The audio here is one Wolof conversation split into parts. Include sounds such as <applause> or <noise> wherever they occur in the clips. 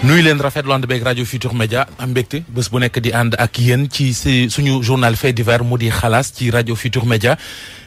nuyu leen rafetlu ànd beeg rajo Futur Media am mbégte bés bu nekk di ànd ak yéen ci suñu journal fait divers mu di xalaas ci rajo Futur Media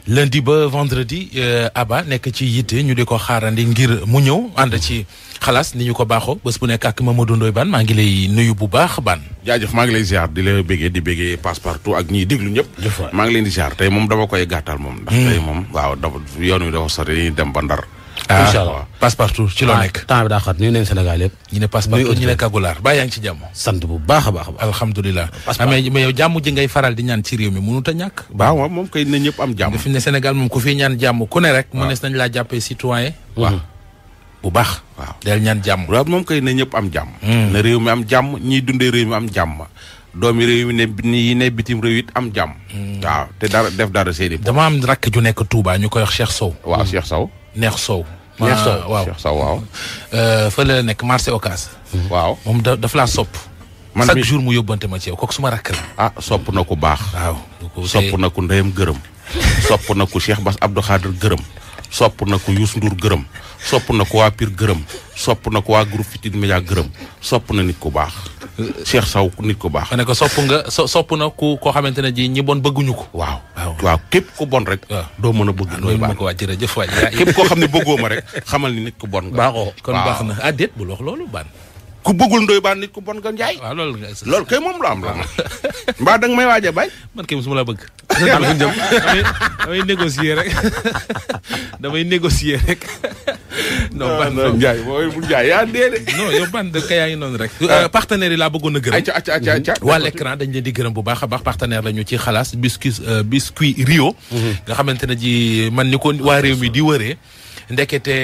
lundi ba vendredi euh, Aba nekk ci yitte ñu di ko xaarandi ngir mu ñëw ànd ci xalaas ni ñu ko baaxoo bés bu nekk ak Mamadou Ndoye Bane maa ngi lay nuyu bu baax Bane. jaajëf maa ngi lay ziar di la béggee di béggee passe partout ak ñiy déglu ñëpp. maa ngi leen di ziar tey moom dama koy gàttal moom. ndax hmm. tey moom waaw dafa yoon wi dafa sori dem ba Ndar. Ah, incha allah passe partout ci loo ah, nekk temps daa xat nuyu nañu Sénégal yëpp ñu ne passe partout ñu ne kagulaar baa yaa ngi ci jàmm sant bu baax a baax a baax alhamdulilah mais mais yow jàmm ji ngay faral di ñaan ci réew mi mënut a ñàkk baaw moom moom kay na ñëpp am jàmm fi ne Sénégal moom ku fi ñaan jàmm ku ne rek mhm. bu baax waaw del ñaan jàmm moom kay ñëpp am jàmm hmm. na réew mi am jàmm ñiy dundee réew mi am jàmm doomi réew mi ne yi ne bitim réew it am jàmm hmm. waaw te dara def dara seeni dama am rakk ju nekk Touba ñu koy wax Cheikh Sow waaw Cheikh Sow neex soow. neex ah, soow waaw neex soow euh, la nekk marché Ocass. Mm. waaw moom daf laa sopp. man chaque jour mu yóbbante ma ci yow kooku suma rakk ah sopp na ku baax. waaw sopp na ku ndeyam gërëm. <laughs> sopp na ku Cheikh Bass Abdou Khadir gërëm. sopp na ko Youssou Ndour gërëm sopp na ko waa Pire gërëm sopp na ko waa groupe Futurs Médias gërëm sopp na nit ku baax Cheikh Sow nit ku baax. ne ko sopp nga sopp na ku koo xamante ne ji ñi bon bëgguñu ko. waaw waaw képp ku bon rek. doo mën a bëgg ah, nooy baax ko waa jërëjëf waay <laughs> képp koo xam ne bëggoo ma rek xamal ni nit ku bon nga. baaxoo kon baax na ah déet bul wax loolu baan. ku bëggul ndoy baan nit ku bon nga njaay. waaw loolu kay moom la am la. mbaa danga may waaj a bay. man kay mosuma la bëgg. Sénégal <laughs> fu damay négocier rek <laughs> damay négocier rek. <laughs> non ah, ban non Ndiaye mooy yaa ngi noonu rek. Ah. Euh, partenaires yi laa bëggoon a gërëm. ayca ayca ayca ayca. waa l'écran dañ leen di gërëm bu baax a baax partenaire la ñu ci xalaas biscuit euh, biscuit Rio. Mhm. nga xamante ne ji man ni ko waa réew mi di wëree. ndekete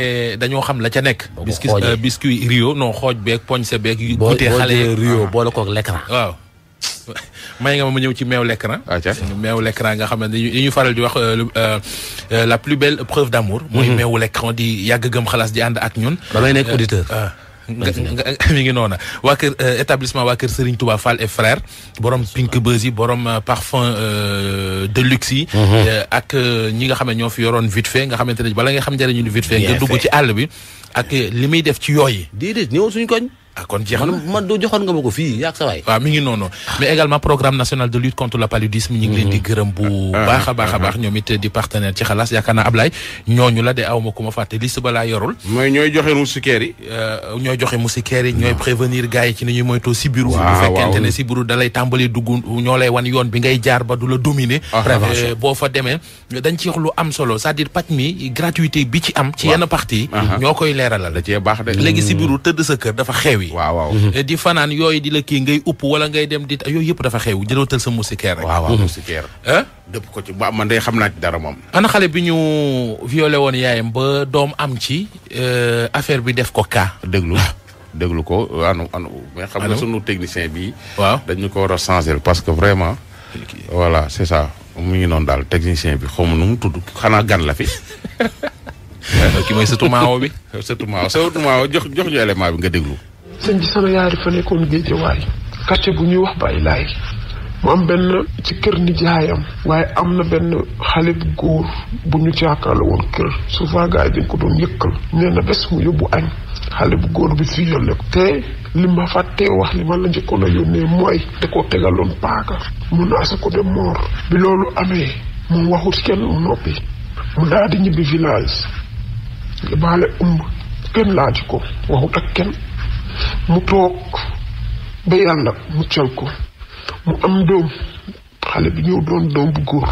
dañoo xam la ca nekk. biscuit biscuit euh, Rio non xooj beeg poñse beeg. yu xale yi boo ah. boole koog l'écran waaw. <laughs> may nga ma ma ñëw ci meew l'écran ah, meew l'écran nga xam ne li ñu faral di wax euh, euh, euh, la plus belle preuve d'amour mooy mhm. meewu l'écran di yàgg gëm xalaas di ànd ak ñun damay nekk auditeur ah, <laughs> mi ngi noona waa kër établissement waa kër Serigne Touba Fall et frère borom Pink Buzz yi borom parfum de luxe yi mhm. ak ñi nga xam ñoo fi yoroon vite fait nga xamante ne bala nga xam njëriñu vite fait nga dugg ci àll bi ak li muy def ci yooyu Ah, kon jeex na man joxoon nga ma ko fii yaa ak sa waay. waaw mi ngi noonu mais également programme national de lutte contre le paludisme. ñu ngi leen di mhm. gërëm bu ah, ah, baax a baax a baax ñoom it di partenaire ci xalaas yaakaar naa Ablaye ñooñu la de aw ma ku ma fàtte liste balaa yorul. mooy ñooy joxe moustiquaire euh, yi. ñooy joxe moustiquaire yi ñooy prévenir gars yi ci ni ñuy moytoo sibiru. waaw waaw bu fekkente ne sibiru da lay tàmbalee dugg ñoo lay wan yoon bi ngay jaar ba du la dominer. Euh, boo fa demee dañ ci wax lu am solo c'est-à-dire mi gratuité bi ci am. ci yenn partie. ñoo koy leeralal. da cee baax de léegi sibiru tëdd sa kër dafa xeewi yi waaw waaw mhm. eh, di fanaan yooyu di la kii ngay upp wala ngay dem di yooyu yëpp dafa xew jëlootal sa moustiquaire rek waaw waaw mhm. moustiquaire eh? dëpp ko ci ba man day xam naa dara moom ana xale bi ñu violé woon yaayam ba doom am ci eh, affaire bi def ko kaa déglu ah. déglu ko anu anu mais xam nga sunu technicien bi waaw dañu ko war a changer parce que vraiment voilà c'est ça mu ngi noonu daal technicien bi xaw ma nu mu tudd xanaa gan la fi <laughs> ki mooy sëtu maawo bi <laughs> sëtu maawo jox jox ñu élément bi nga déglu sëñ bi sama yaari fa nekkoon géejewaay quartier bu ñuy wax Baye Laay mu am benn ci kër nijaayam waaye am na benn xale bu góor bu ñu jàkkaarloo woon kër souvent gars yi dañ ko doon yëkkal nee na bés mu yóbbu añ xale bu góor bi fi yónnee ko te li ma fàttee wax li ma la njëkkoon a yónnee mooy da ko tegaloon paaka mu naa sa ko dem moor bi loolu amee mu waxut kenn mu noppi mu daal di ñibbi village baale ëmb kenn laaj ko waxut ak kenn mu toog ba yàlla mu cal ko mu am doom xale bi ñëw doon doom bu góor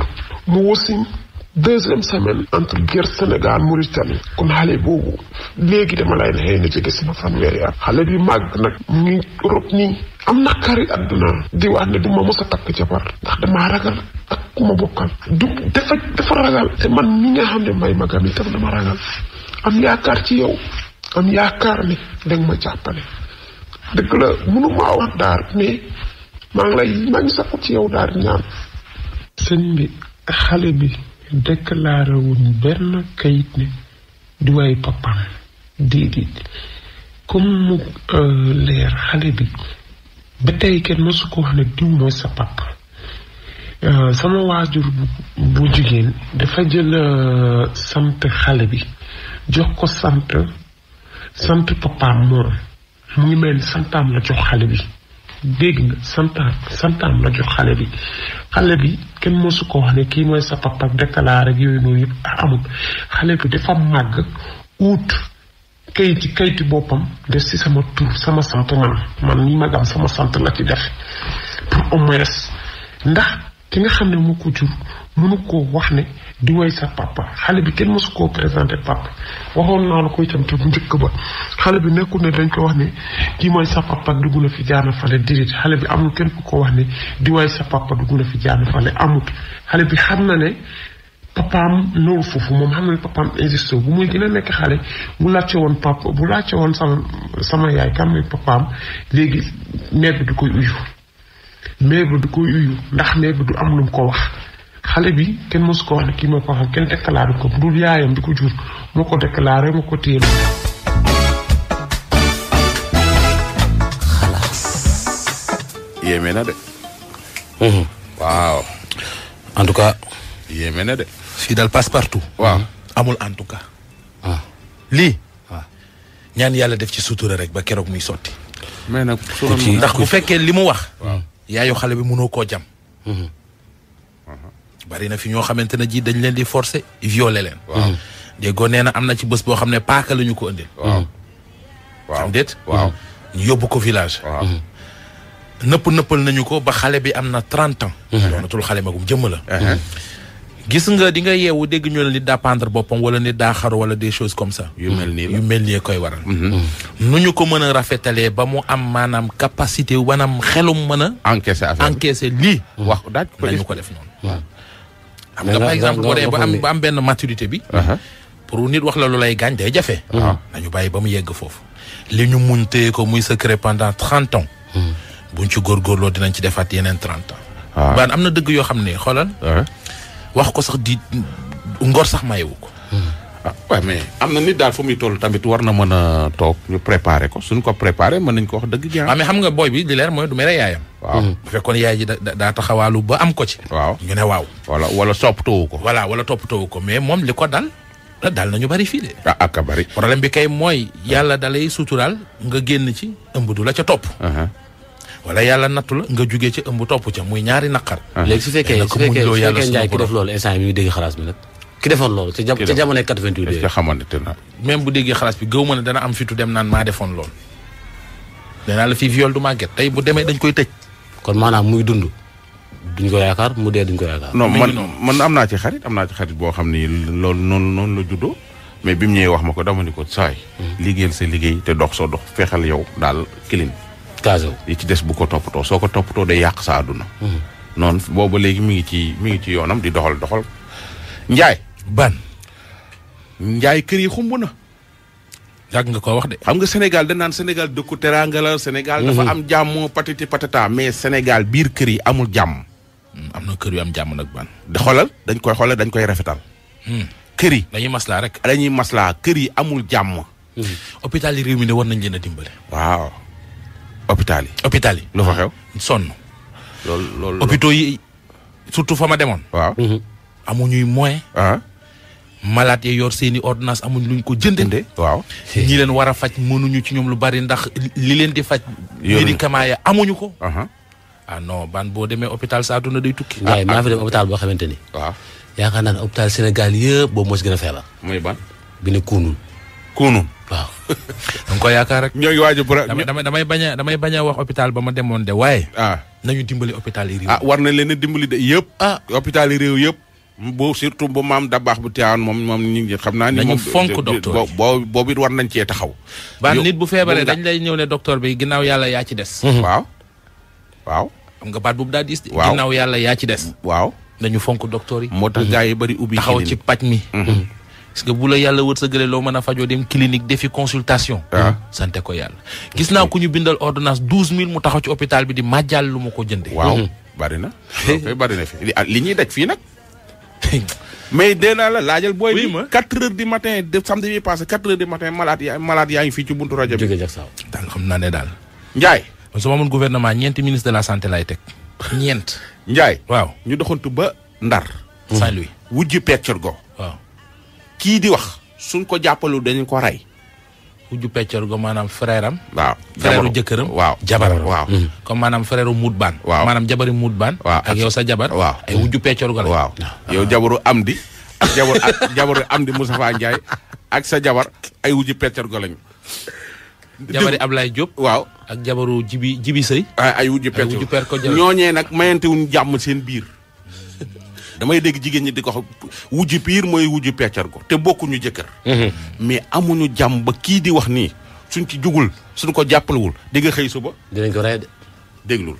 mu wasin deuxième semaine entre guerre Sénégal Mauritanie kon xale boobu léegi dama lay ne xëy na jege sama fanweeri at xale bi màgg nag mu ngi Europe nii am na kari àdduna di wax ne du ma mos a takk jabar ndax dama ragal ak ku ma bokkal dafa dafa ragal te man mi nga xam ne may magam itam dama ragal am yaakaar ci yow am yaakaar ne danga ma jàppale dëgg la mënu maa daar mais maa ngi lay maa ci yow daar ñaan sëñ bi xale bi déclaré wuñ benn kayit ne du way papaam euh, xale bi ba tey kenn mësu ko wax ne diw mooy sa papa euh, sama waajur bu jigéen dafa jël euh, sant xale bi jox ko samt sant papaam moom mu ngi mel ni santaam la jox xale bi dégg nga santaam santaam la jox xale bi xale bi kenn mosu ko wax ne kii mooy sa papa ak déclaré ak yooyu noonu yëpp amul xale bi dafa màgg uut kayiti kayiti boppam def ci sama tur sama sant man man ni ma sama sant la ci def pour au moins ndax ki nga xam ne moo ko jur mënu koo wax ne di woy sa papa xale bi kenn mosu koo présenté papa waxoon naa la ko itam te bu njëkk ba xale bi nekkul ne dañ ko wax ni kii mooy sa papa dugg na fi jaana fale dirit xale bi amul kenn ku ko wax ni di woy sa papa dugg na fi jaana fale amut xale bi xam na ne papaam loolu foofu moom xam na ne papaam existé bu muy gën a nekk xale bu laajte woon papa bu laajte woon sama sama yaay kan mooy papaam léegi mère bi du koy uyu ndax mère bi du am lu mu ko wax xale bi kenn mosu ko wax ne kii moo ko xam kenn déclaré ko bu dul yaayam bi ko jur moo ko déclaré moo ko téye yéeme na de. Mhm. waaw. en tout cas. yéeme na de. fii daal passe partout. amul en tout cas. Ah. lii. waaw ah. ñaan yàlla def ci sutura rek ba keroog muy sotti. mais nag ndax bu fekkee li mu wax. waaw yaayu xale bi mënoo koo jam. Mhm. bari na fi ñoo xamante ne ji dañ leen di forcer violer leen. waaw mm-hmm. déggoo na am na ci bës boo xam ne paaka la ñu ko indil. waaw mm-hmm. waaw xam mm-hmm. yóbbu ko village. waaw nëpp nëppal nañu ko ba xale bi am na trente ans. xale magum jëmm la. gis nga di nga yeewu dégg ñu la nit daa pendre boppam wala nit daa xaru wala des choses comme sax yu mel nii yu mel nii koy waral. nu ñu ko mën a rafetalee ba mu am maanaam capacité wanam xelum mën a. encaisser affaire encaisser lii. wax daaj ko def nañu ko def noonu. xam nga par exemple boo dee ba am ba am benn maturité bi. Uh-huh. pour nit wax la lu lay gaañ day jafe. Uh-huh. Mm. nañu bàyyi ba mu yegg foofu. li ñu muñ téye ko muy secret pendant trente ans. Mm. buñ ci góorgóorloo dinañ ci defaat yeneen trente ans. waaw ah. am na dëgg yoo xam ne xoolal. Uh-huh. wax ko sax di ngor sax mayewu ko. Mm. ah waaw mais am na nit daal fu muy toll tamit war na mën a toog ñu préparé ko suñ ko préparé mën nañ ko wax dëgg jaar. Ah. Ah, waaw mais xam nga booy bi di leer mooy du mere yaayam. waaw bu mm-hmm. fekkoon yaay ji da daa taxawaalu ba am ko ci. waaw ne waaw. wala wala toppatoo ko. voilà wala toppatoo ko mais moom li ko dal. da daal nañu bari fii ah, bari. problème bi kay mooy yàlla dalay suturaal nga génn ci ëmb du la ca topp. Uh-huh. wala yàlla nattu la nga muy uh-huh. dégg xalaas bi nag. ki defoon loolu ca jamono ca jamono 88. est-ce que xamante bu déggee xalaas bi gëw ma ne dana am fitu dem naan maa defoon la fii viol du màgget tey bu demee dañ koy tëj. kon maanaam muy dund. duñ ko yaakaar mu dee duñ ko yaakaar. non man man am naa ci xarit am naa ci boo xam ni loolu noonu noonu la juddoo. mais bi mu ñëwee wax ma ko dama ni ko saay. Mhm. liggéeyal sa liggéey te dox soo dox fexeel yow daal kilin. kaasaw yi ci des bu ko toppatoo soo ko toppatoo day yàq sa àdduna. Mhm. noonu booba léegi mi ngi ci mi ngi ci yoonam di doxal doxal. Njaay. ban njaay kër yi xumb na. yàgg nga ko wax de. xam nga Sénégal da naan Sénégal dëkku teraanga la Sénégal dafa mhm. am jàmm patiti patata mais Sénégal biir kër yi amul jàmm. Hmm, am na kër yu am jàmm ban. da xoolal dañ koy xoolal dañ koy rafetal. Hmm. yi dañuy maslaa rek. dañuy maslaa kër yi amul jàmm. Hmm. hôpital yi réew mi ne war nañ leen a dimbale. waaw hôpital yi. hôpital yi lu fa xew. sonn. loolu surtout fa ma demoon. waaw amuñuy moyen. Ah. malaat ya yor seeni i ordonnance amuñ luñ ko jëndee. waaw ñi leen war a faj mënuñu ci ñoom lu bari ndax li leen di faj. médicament ya amuñu ko. ah non ban boo demee hôpital sa àdduna day tukki. ah maa ah. fi dem hôpital boo xamante ni. waaw yaakaar naa ne hôpital moo si gën a ban bi ne Kounoune. Kounoune. waaw. <laughs> danga ko yaakaar rek. ñoo ngi waaj damay damay bañ damay bañ a wax hôpital ba ma demoon de waaye. ah nañu dimbali hôpital yi ah war na leen dimbali de yëpp. ah hôpital yi réew yëpp. bu surtout bu maam da baax bu te teewaan moom moom ñu ngi xam naa. ni moom dañu fonk docteur boo boobu it war nañ cee taxaw. ba nit bu feebaree dañ lay ñëw ne docteur bi ginnaaw yàlla yaa ci des. Mhm. waaw xam nga baat boobu daal di. waaw ginnaaw yàlla yaa ci des. waaw dañu fonk docteur yi. moo tax mhm. gars yi bari ubbi. taxaw ci paj mi. Mhm. parce que bu la yàlla wërsëgalee loo mën a fajoo dem clinique defi consultation. Ah. sante ko yàlla. gis naa ko ñu bindal ordonnance douze mille mu taxaw ci hôpital bi di màjjal lu ma ko jëndee. waaw bari na. bari na fi li ñuy fii nag mais de naa la laajal booy bi quatre heures du matin samedi bi passé quatre heures du matin malade yaa malade yaa ngi fii ci buntu rajo bi daal xam naa ne daal Ndiaye su ma amoon ñeenti ministre de la santé lay ñeent Ndiaye waaw ñu doxantu ba Ndar Saint-Louis wujj peccor go waaw kii di wax suñ ko jàppalu dañu ko rey wujju peccorgo maanaam frère am waaw frère jëkkëram waaw jabar waaw hmm. Hmm. comme maanaam frère muut baan waaw maanaam jabari muut baan waaw ak yow sa jabar waaw ay wujju peccorgo la waaw ah. yow jabaru am di jabar ak jabaru am ak sa jabar ay wujju peccorgo lañu jabari Ablaye Diop waaw ak jabaru jibi jibi sëy ay wujju peccorgo ñooñee nag mayantewuñ jàmm seen biir damay dégg jigéen ñi di ko wax wujj piir mooy wujj peccar ko te bokkuñu jëkkër. Mhm. mais amuñu jàmm ba kii di wax nii suñ ci jugul suñ ko jàppalewul di nga xëy suba. dinañ ko rey de déglul.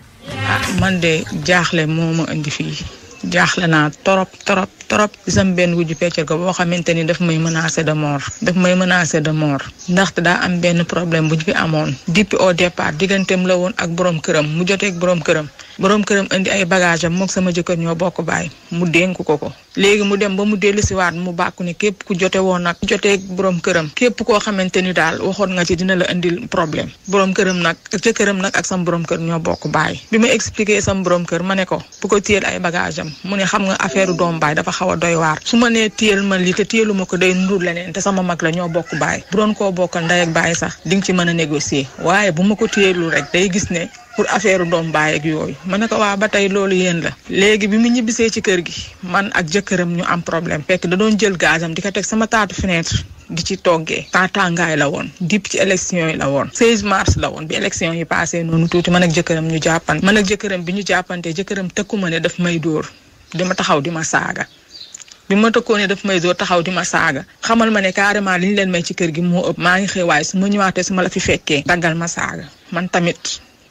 Ah, man de jaaxle moo ma indi fii jaaxle naa torop torop torop gisam benn wujju peccar ko boo xamante ni daf may menacé de mort daf may menacé de mort ndaxte daa am benn problème bu ñu fi amoon depuis au départ digganteem la woon ak boroom këram mu joteeg boroom këram. boroom këram indi ay bagagem am sama jëkkër ñoo bokk baay mu dénk ko ko léegi mu dem ba mu dellusiwaat mu bàkku ne képp ku jote woon nag jotee boroom këram képp koo xamante ni daal waxoon nga ci dina la indil problème boroom këram nag jëkkëram nag ak sam boroom kër ñoo bokk baay bi ma expliqué sam boroom kër ma ne ko bu ko téyel ay bagage mu ne xam nga affaire doom baay dafa xaw a doy waar su ma ne téyel ma li te téyelu ma ko day ndur leneen te sama mag la ñoo bokk baay bu doon koo bokkal ndey ak baay sax di nga ci mën a négocier waaye bu ma ko téyelul rek day gis ne pour affaire doom baay ak yooyu ma ne ko waa ba tey loolu yéen la léegi bi mu ñibbisee ci kër gi man ak jëkkëram ñu am problème fekk da doon jël gasam di ko teg sama taatu fenêtre di ci toggee taatangaay la woon dip ci élection yi la woon 16 mars la woon bi élection yi passé noonu tuuti man ak jëkkëram ñu jàppante man ak jëkkëram bi ñu jàppante jëkkëram tëkku ma ne daf may dóor dama taxaw di ma saaga bi ma tëkkoon ne daf may dóor taxaw di ma saaga xamal ma ne carrément li ñu leen may ci kër gi moo maa ngi xëy waaye ma ñëwaatee su ma la fi fekkee daggal ma saaga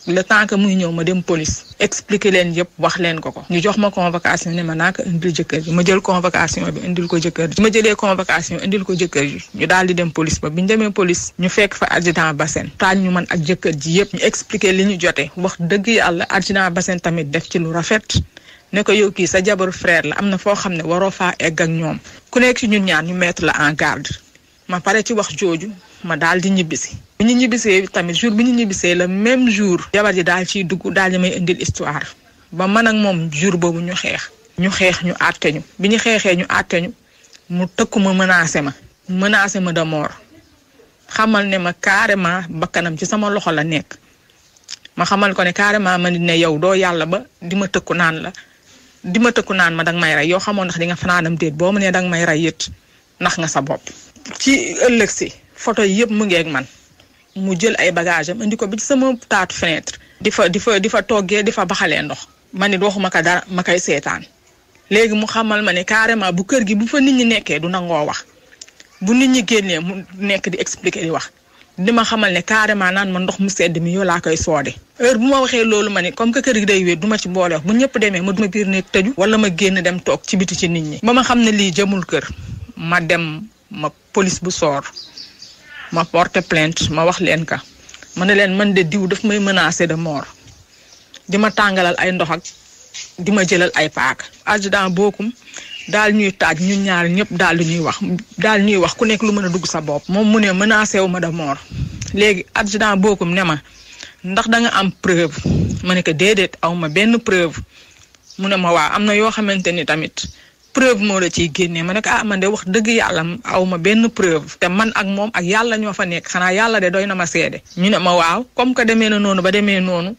le temps que muy ñëw ma dem police expliquer leen yëpp wax leen ko ko ñu jox ma convocation ne ma naa ko indil jëkkër ji ma jël convocation bi indil ko jëkkër ji ma jëlee convocation indil ko jëkkër ji ñu daal di dem police ba bi ñu demee police ñu fekk fa adjudant Bassène taaj ñu man ak jëkkër ji yëpp ñu expliquer li ñu jotee wax dëgg yàlla adjudant Bassène tamit def ci lu rafet ne ko yow kii sa jabar frère la am na foo xam ne waroo faa egg ak ñoom ku nekk ci ñun ñaar ñu mettre la en garde ma pare ci wax jooju ma daal di ñibbisi bi ñu ñibbisee tamit jour bi ñu ñibbisee la même jour jabar ji daal ciy dugg daal di may indil histoire ba mën ak moom jour boobu ñu xeex ñu xeex ñu àtte ñu bi ñu xeexee ñu àtte ñu mu tëkku ma menacé ma menacé ma de xamal ne ma carrément bakkanam ci sama loxo la nekk ma xamal ko ne carrément ma ne yow doo yàlla ba di ma tëkku naan la di ma tëkku naan ma danga may rey yoo xamoo ndax di nga fanaanam déet boo ma danga may rey it ndax nga sa bopp ci ëllëg si photo yëpp mu ngi ak man mu jël ay bagage am indi ko bi sama taatu fenêtre. di fa di fa di fa toggee di fa baxalee ndox. ma nit waxuma ko dara ma kay seetaan. léegi mu xamal ma ne carrément bu kër gi bu fa nit ñi nekkee du nangoo wax bu nit ñi génnee mu nekk di expliquer di wax di ma xamal ne carrément naan ma ndox mu sedd mi yow laa koy soode. heure bu ma waxee loolu ma ne comme que kër gi day wéet du ma ci boole wax bu ñëpp demee ma duma biir néeg tëju. wala ma génn dem toog ci biti ci nit ñi. ba xam ne lii jëmul kër ma dem police bu soor ma porte plainte ma wax leen ka ma ne leen man de diw daf may menacer de mort dima tàngalal ay ndox ak di ma jëlal ay paaka adjudant bookum daal ñuy taaj ñun ñaar ñëpp daal di ñuy wax daal ñuy wax ku nekk lu mën a dugg sa bopp. moom mu ne menacé wu ma de mort léegi adjudant bookum ne ma ndax danga am preuve ma ne ko déedéet aw ma benn preuve mu ne ma waa am na yoo xamante ni tamit. preuve moo la ciy génnee ma ne ko ah man de wax dëgg yàlla aw ma benn preuve te man ak moom ak yàlla ñoo fa nekk xanaa yàlla de doy na ma seede ñu ne ma waaw comme que demee na noonu ba demee noonu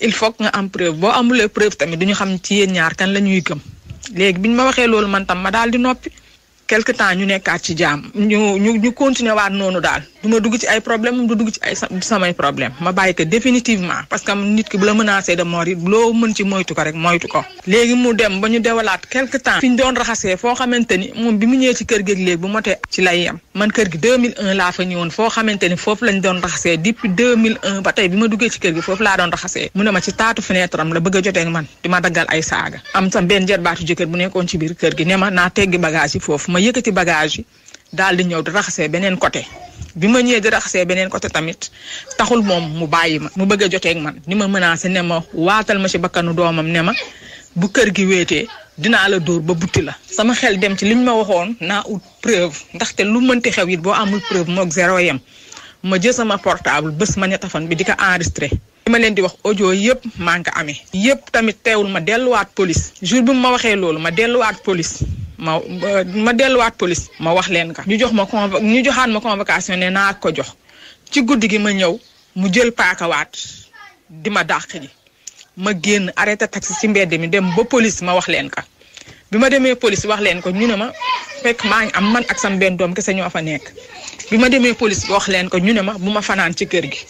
il faut que nga am preuve boo amulee preuve tamit du ñu xam ci yéen ñaar kan la ñuy gëm léegi bi ñu ma waxee loolu man tam ma daal di noppi quelque temps ñu nekkaat ci jàmm ñu ñu ñu continuer waat noonu daal du ma dugg ci ay dugg ci ay samay problème ma bàyyi ko définitivement parce que nit ki bu la menacé de mort yi loo mën ci moytu ko rek moytu ko léegi mu dem ba ñu dewalaat quelque temps fi ñu doon raxasee foo xamante ni moom bi mu ñëwee ci kër gi léegi bu motee ci lay yem man kër gi 2001 fa ñëwoon foo xamante ni foofu lañ doon raxasee depuis 2001 ba tey bi ma duggee ci kër gi foofu laa doon raxasee mu ne ma ci taatu fenêtre am la bëgg a jotee ak man di ma daggal ay saaga am sam benn jarbaatu jëkkër bu nekkoon ci biir kër gi ne ma naa teggi bagage yi foofu ma yëkkati bagage yi daal di ñëw di raxasee beneen côté bi ma ñëwee di raxasee beneen côté tamit taxul moom mu bàyyi ma mu bëgg a jotee ak man ni ma menacé ne ma waatal ma ci bakkanu doomam ne ma bu kër gi weetee dinaa la dóor ba butti la. sama xel dem ci liñ ma waxoon naa ut preuve ndaxte lu mënti xew it boo amul preuve moog zéro yem ma jël sama portable bés ma ñetti fan bi di ko enregistré. li ma leen di wax ojo yëpp maa ngi ko amee. yëpp tamit teewul ma delluwaat police. jour bi ma waxee loolu ma delluwaat police. ma ma delluwaat police ma wax leen ka ñu jox ma convo ñu joxaat ma convocation ne naa ko jox ci guddi gi ma ñëw mu jël paakawaat di ma dàq ji ma génn arrêté taxi ci mbedd mi dem ba police ma wax leen ka bi ma demee police wax leen ko ñu ne ma fekk maa ngi am man ak sam benn doom kese ñoo fa nekk bi ma demee police wax leen ko ñu ne ma bu ma fanaan ci kër gi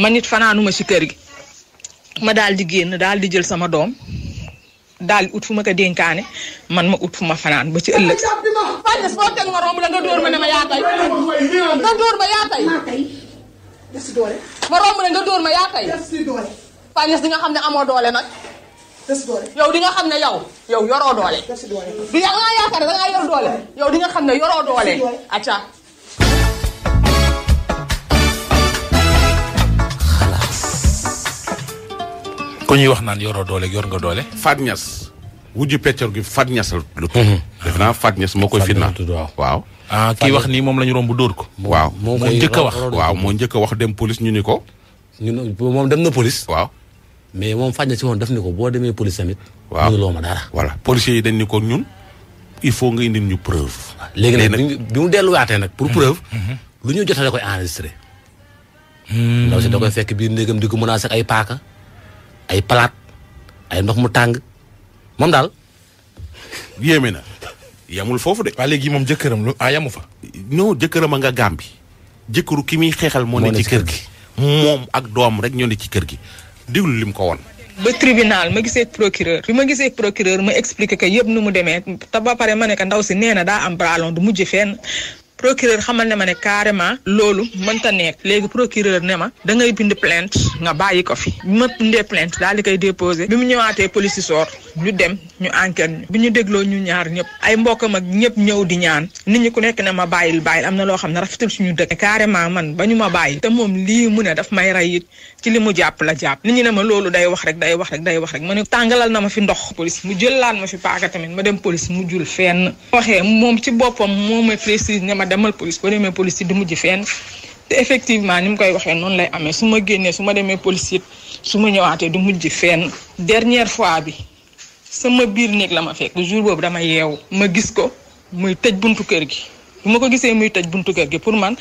ma nit fanaanuma ci kër gi ma daal di génn daal di jël sama doom daal ut fu ma ko dénkaane man ma ut fu ma fanaan ba ci ëllëg. Fane foo teg ma romb la nga ma ne ma yaa tey nga dóor ma yaa tey ma romb la nga ma yaa tey Fane di xam ne amoo doole nag. yow di nga xam ne yow yow yoroo doole. du yàlla nga yaakaar da ngaa yor doole yow di nga xam ne yoroo doole acca ku ñuy wax naan yoroo doole yor nga doole. Faat Niass wujju peccor gi Faat Niass la lu tudd. Mhm. defe naa Faat Niass moo koy fitna waaw. ah kii wax nii moom la ñu romb dóor ko. waaw moo njëkk a wax waaw moo njëkk a wax dem police ñu ni ko. ñun moom dem na police. waaw mais moom Faat Niass si woon def ni ko boo demee police tamit. waaw mënuloo ma dara. voilà policiers yi dañ ni ko ñun. il faut nga indil ñu preuve. léegi nag bi mu delluwaatee nag. pour mhm. preuve. Mhm. lu ñu jotale koy enregistré. Hmm. ndaw si da koy ay palaat ay ndox mu tàng moom daal. yéeme na yamul foofu de. waa léegi moom jëkkëram lu ah yamu fa. non jëkkëram a nga bi jëkkëru ki muy xeexal moo ne ci kër gi moom ak doom rek ñoo ne ci kër gi déglu mu ko woon. ba tribunal ma gisee procureur fi ma gisee procureur ma explique que yëpp nu mu demee te ba pare ma nekk ndaw si nee na daa am bralon du mujj fenn procureur xamal ne ma ne carrément loolu mënta nekk léegi procureur ne ma dangay ngay bind plainte nga bàyyi ko fi bi ma bindee plainte daal di koy déposé bi mu ñëwaatee police soor ñu dem ñu enquête bu ñu dégloo ñu ñaar ñëpp ay mbokkam ak ñëpp ñëw di ñaan nit ñu ku nekk ne ma bàyyil bàyyil am na loo xam ne rafetul suñu dëkk carrément man ba ñu ma bàyyi te moom lii mu ne daf may rey ci li mu jàpp la jàpp nit ñi ne ma loolu day wax rek day wax rek day wax rek ma ne tàngalal na ma fi ndox police mu jëlaat ma fi paaka tamit ma dem police mu jul fenn waxee moom ci boppam moo may précise ne ma demal police ba demee police di mujj te effectivement ni mu koy waxee noonu lay amee su ma génnee su ma demee police it su ma ñëwaatee du mujj fenn dernière fois bi sama biir néeg la ma fekk toujours boobu dama yeew ma gis ko muy tëj buntu kër gi bu ma ko gisee muy tëj buntu kër gi pour man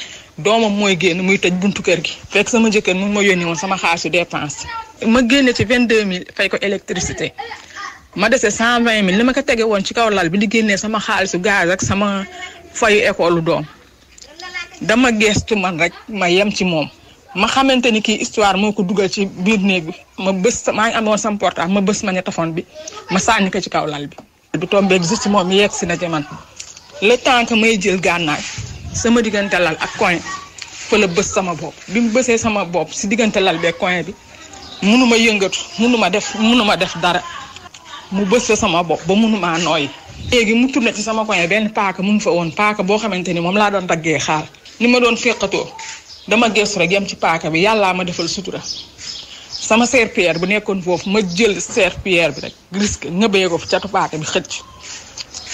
doomam mooy génn muy tëj buntu kër gi fekk sama jëkkër mu ma yónni woon sama xaalisu dépense ma génne ci vingt deux mille fay ko électricité ma dese cent vingt mille li ma ko tege woon ci kaw lal bi di génnee sama xaalisu gaz ak sama fayu école doom dama geestu man rek ma yem ci moom ma xamante ni kii histoire moo ko dugal ci biir néeg bi ma bës maa ngi amoon sama portable ma bës ma ñettafoon bi ma sànni ko ci kaw lal bi. bu tombéeg juste moom yegg si na ci man le temps que may jël gànnaay sama diggante lal ak coin fa la bës sama bopp bi mu bësee sama bopp si diggante lal bee coin bi munuma yëngatu munuma def munuma def dara mu bës fa sama bopp ba munumaa nooy léegi mu tourné ci sama coin benn paaka mu fa woon paaka boo xamante ni moom laa doon daggee xaar ni ma doon féqatoo dama geesu rek yam ci paaka bi yàllaa ma defal sutura sama serpillière bu nekkoon foofu ma jël serpillière bi rek risque nga béyee ko fi catu paaka bi xëcc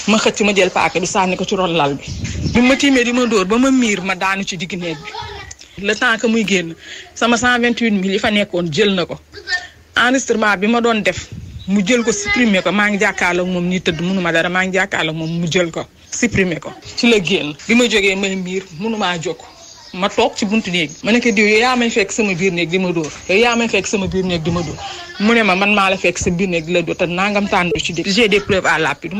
ma xëcc ma jël paaka bi sànni ko ci ron lal bi bi ma tiimee di ma dóor ba ma miir ma daanu ci digg néeg bi le temps que muy génn sama 128000 yi fa nekkoon jël na ko enregistrement bi ma doon def mu jël ko supprimer ko maa ngi jàkkaarloog moom nii tëdd mënuma dara maa ngi jàkkaarloog moom mu jël ko supprimer ko. ci la génn bi ma jógee may miir mënumaa jóg. ma toog ci bunt néeg ma ne ko diw yow fekk sama biir néeg di ma dóor yaa may fekk sama biir néeg di ma dóor mu ne ma man maa la fekk sa biir néeg di la dóor te nangam tànn ci dégg j'ai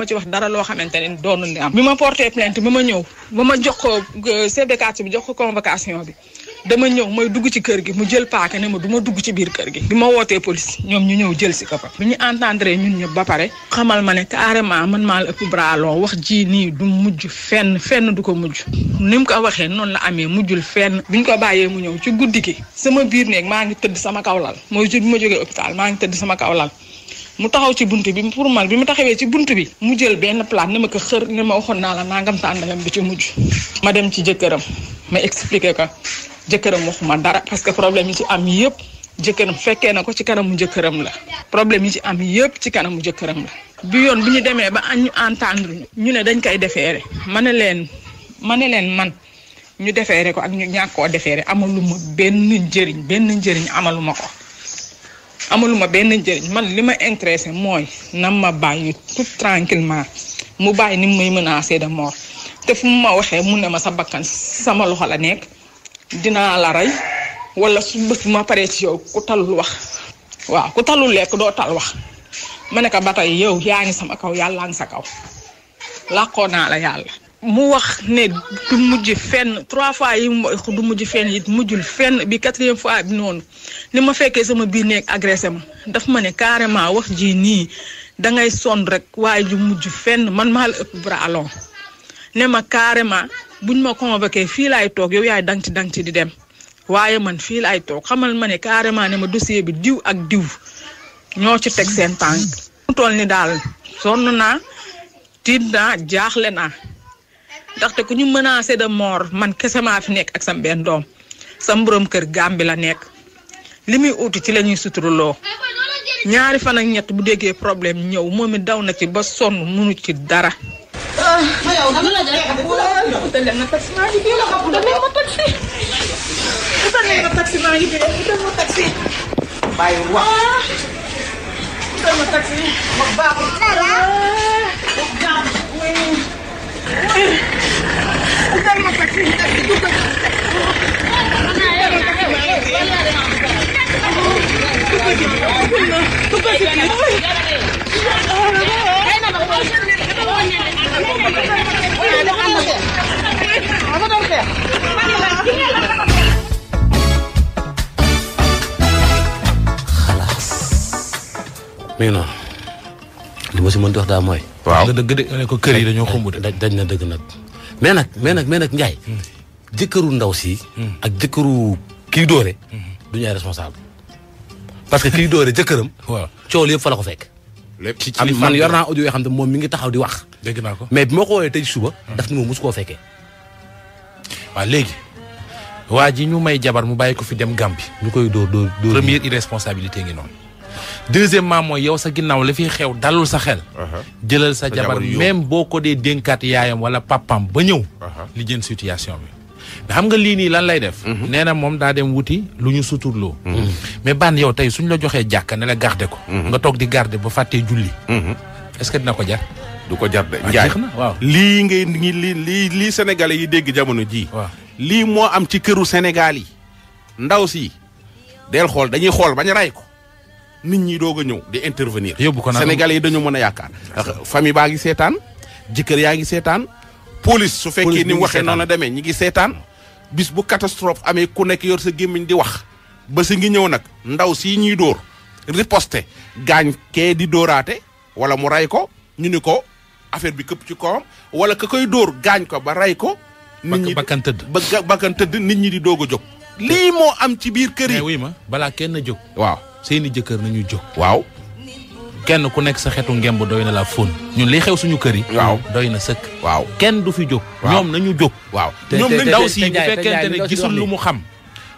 ci wax dara loo xamante ne doonul li am bi ma porté plainte ba ma ñëw ba ma jox ko euh, chef de quartier bi jox ko convocation bi dama ñëw mooy dugg ci kër gi mu jël paaka ne ma du ma dugg ci biir kër gi bi ma wootee police ñoom ñu ñëw jël si ko fa bi ñu entendre ñun ñëpp ba pare xamal ma ne carrément man maa la wax ji nii du mujj fenn fenn du ko mujj ni mu ko waxee noonu la amee mujjul fenn bi ñu ko bàyyee mu ñëw ci guddi gi sama biir néeg maa ngi tëdd sama kaw lal mooy jur bi ma jógee hôpital maa ngi tëdd sama kaw lal mu taxaw ci bunt bi pour man bi mu taxawee ci bunt bi mu jël benn plat ne ma ko xër ne ma waxoon naa la nangam tàndangam bi ci mujj ma dem ci jëkkëram ma expliqué ko jëkkëram waxuma dara parce que problème yi ci am yëpp jëkkëram fekkee na ko ci kanamu jëkkëram la problème yi ci am yëpp ci kanamu jëkkëram la bi yoon bu ñu demee ba ñu entendre ñu ne dañ koy defeere ma ne leen ma ne leen man ñu defeere ko ak ñu ñàkk koo defeere amaluma benn njëriñ benn njëriñ amaluma ko amaluma benn njëriñ man li ma intéressé mooy na ma bàyyi tout tranquillement mu bàyyi ni muy menacé de mort te fu mu ma waxee mu ne ma sa bakkan sama loxo la nekk dina la rey walla su bés ma pare ci yow ku talul wax waaw ku talul lekk doo tal wax ma ne ko ba tey yow yaa ngi sama kaw yàlla ngi sa kaw làqoo naa la yàlla. mu wax ne du mujj fenn trois fois yi mujj fenn it mujjul fenn bi quatrième fois bi noonu li ma fekkee sama biir néeg agressé ma daf ma ne carrément wax ji nii dangay sonn rek waaye du mujj fenn man maa la ëpp bras long ne ma carrément buñ ma convoqué fii laay toog yow yaay dang ci dang ci di dem waaye man fii laay toog xamal ma ne carrément ne ma dossier bi diw ak diw ñoo ci teg seen tànk. mu toll ni daal sonn naa tiit naa jaaxle na ndaxte ku ñu menacé de mort man kese maa fi nekk ak sam benn doom sam borom kër Gàmbi la nekk li muy uti ci la ñuy suturloo ñaari fan ak ñett bu déggee problème ñëw moom it daw na ci ba sonn mu munu ci dara. Dala nga taxi maa ngi dee. Dala ma taxi. Dala nga taxi maa ngi dee. Dala ma taxi. Bàyyi wax. Dala ma taxi. Wax baaxul. Dala. mi ngi li ma si mën di wax daal mooy. waaw nga kër yi dañoo xumb de. dañ na dëgg nag mais nag mais nag mais nag Ndiaye. Hmm. jëkkëru ndaw si. Hmm. ak jëkkëru kii doore. Hmm. du ñu ay responsable parce que kii doore jëkkëram. waaw coow yëpp fa la ko fekk. lépp ci ci man yor naa audio yoo xam moom mi ngi taxaw di wax. dégg naa ko mais bi ma ko woowee tey suba. daf ni moom mosu koo fekkee. waaw léegi. waa ji ñu may jabar mu bàyyi ko fi dem Gambie. ñu koy dóor dóor dóor. première irresponsabilité ngi noonu. deuxièmement mooy yow sa ginnaaw la fiy xew dalul sa xel. Uh-huh. jëlal sa jabar même boo ko dee dénkaat yaayam wala papam ba ñëw. Uh-huh. li jën situation bi. xam nga lii nii lan lay def. Uh-huh. nee na moom daa dem wuti lu ñu suturloo. mais ban yow tey suñ la joxee jàkka ne la ko. nga toog di garder ba fàttee julli. est que dina ko jar. du ko jar de ah, waaw lii ngay lii lii lii sénégalais yi dégg jamono jii. waaw lii moo am ci këru Sénégal yi. ndaw si del xool dañuy xool ba bañ ray ko. nit ñi doog a ñëw di intervenir. yóbbu ko Sénégalais yi dañu mën a yaakaar. famille baa ngi seetaan jëkkër yaa ngi seetaan. police su fekkee ni mu waxee noonu demee ñi ngi seetaan. bis bu catastrophe amee ku nekk yor sa gémmiñ di wax. ba si ngi ñëw nag ndaw sii ñuy dóor. riposte gaañ kee di dóoraate wala mu ray ko ñu ni ko affaire bi këpp ci kawam wala ka koy dóor gaañ ko ba rey ko. nit ñi bakkan bakkan tëdd nit ñi di doog a jóg. lii moo am ci biir kër yi. ma balaa kenn a jóg waaw. seeni jëkkër nañu jóg. waaw. kenn ku nekk sa xetu ngemb doy na la fóon. ñun liy xew suñu kër yi. waaw doy na sëkk. waaw kenn du fi jóg. ñoom nañu jóg. waaw ñoom nañ daw si bu fekkente ne gisul lu mu xam.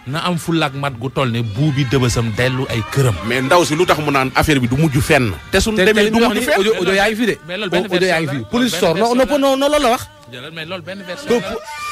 na am fulaak mat gu toll ne buu bi dëbësam dellu ay këram. mais ndaw si lu tax mu naan affaire bi du mujj fenn. te su demee du mujj fenn audio yaa ngi fi de. mais loolu benn version la loolu wax. benn version